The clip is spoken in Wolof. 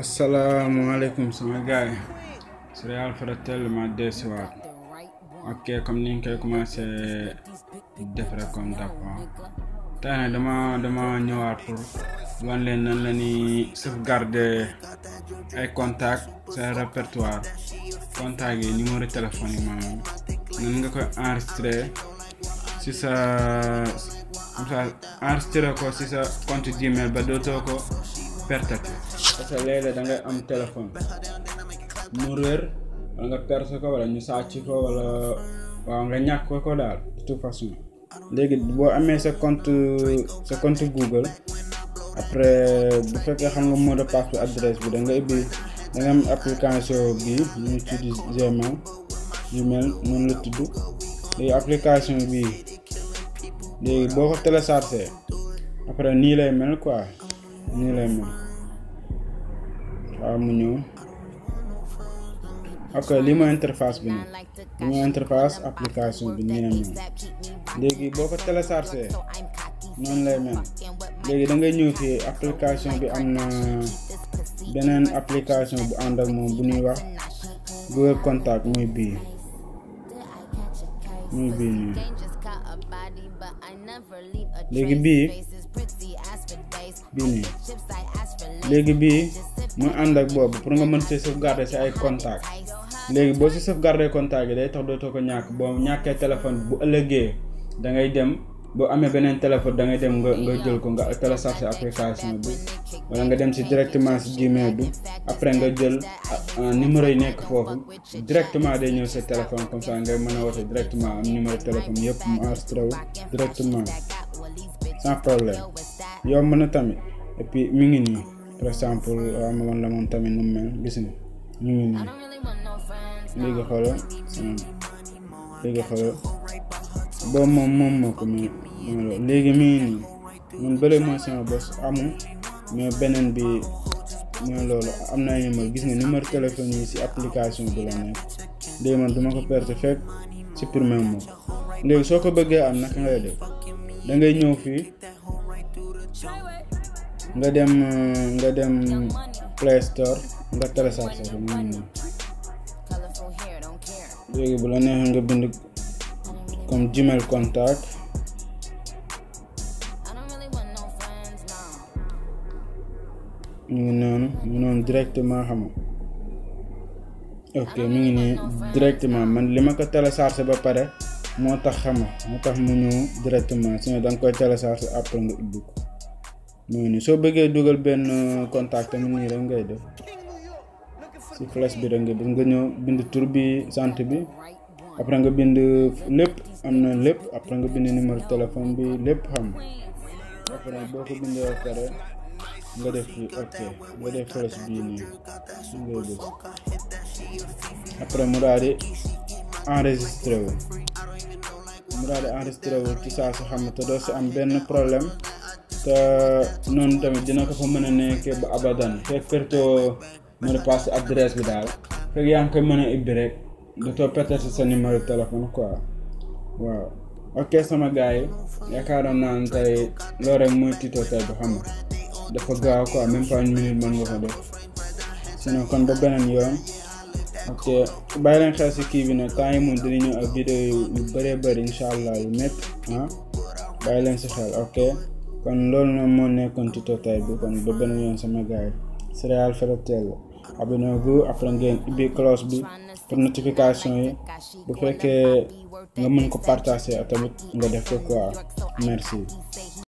asalaamaaleykum sama gars yi Serigne Alfara Tell ma desiwaat ok comme ni ñu koy commencé defare comme d'accord tey nag dama dama ñëwaat pour wan leen nan la ñuy sauvegarder ay contact sa répertoire contact yi numéro téléphone yi maanaam nga koy enregistré si sa comme ça ko si sa compte Gmail ba dootoo ko perte parce que léeg da ngay am téléphone mu réer wala nga perte ko wala ñu sàcc ko wala waaw nga ñàkk ko ko daal de façon léegi boo amee sa compte sa compte Google après bu fekkee xam nga mot de passe bi adresse bi da nga ubbi da nga am application bi ñu utilise Gmail Gmail noonu la tudd léegi application bi léegi boo ko téléchargé après nii lay mel quoi nii lay mel. waaw mu ñëw ok lii mooy interface bi nii lii mooy interface application bi nii la mel léegi boo ko téléchargé noonu lay mel léegi da ngay ñëw fi application bi am na beneen application bu ànd ak moom bu ñuy wax Google Contact muy bii muy bii bii nii léegi bii. mu ànd ak boobu pour nga mën see sauvegarder si ay léegi boo si sauvegarder contacts yi day tax dootoo ko ñàkk boo ñàkkee téléphone bu ëllëgee da ngay dem boo amee beneen téléphone da ngay dem nga nga jël ko nga télécharger application bi wala nga dem si directement si Gmail bi après nga jël ah, ah, numéro yi nekk foofu directement day ñëw see téléphone comme ça ngay mën a woote directement am numéro téléphone yëpp mu enregistré wu directement sans problème yomb par exemple amoon la moom tamit nu mu mel gis nga ñu nii lii nga xoolal lii boobu moom moom moo ko mel léegi mi ngi nii man bële mooy sama bos amul mais beneen bi mooy loolu am na ay numéro gis ni numéro téléphone yi si application bi la nekk léegi man duma ko perte fekk supprimer moom léegi soo ko bëggee am naka ngay def da ñëw fii. nga dem nga dem Play Store nga télécharge ko mu ngi mu ngi noonu mu noonu directement xam ok mu ngi nii directement man li ma ko télécharge ba pare moo tax xama mu tax mu ñëw directement sinon da nga koy télécharge après nga ubbi mu soo bëggee dugal benn euh, contact tamit nii rek ngay def si flash bi rek nga def nga ñëw bind tur bi sant bi après nga bind lépp am na lépp après nga bind numéro téléphone bi lépp xam après boo ko bindee pare nga def fi ok nga def flash bii nii ngay def après mu daal di enregistré mu daal di enregistré ci saa si xam te doo si am benn problème te noonu tamit dina ko fa mën a nekk ba abadan fekk pertoo mën a passé bi daal fekk yaa ngi koy mën a ibbi rek dootoo perte sa numéro téléphone quoi waaw ok sama gars yi yaakaaroon naa ne tey loolu rek mooy tuto tey bu nga ko def sinon kon ba beneen yoon ok bàyyi xel si kii bi nag temps yi moom ak vidéo yu bëree bëri incha allah yu métti ah bàyyi xel ok. kon loolu na moo nekkoon tutotaay bi kon ba beneen yoon sama gars yi Séréal Fera Tell la abonné gu après ngeen ubbi cloche bi pour notification yi bu fekkee nga mën ko partager tamit nga def ko quoi merci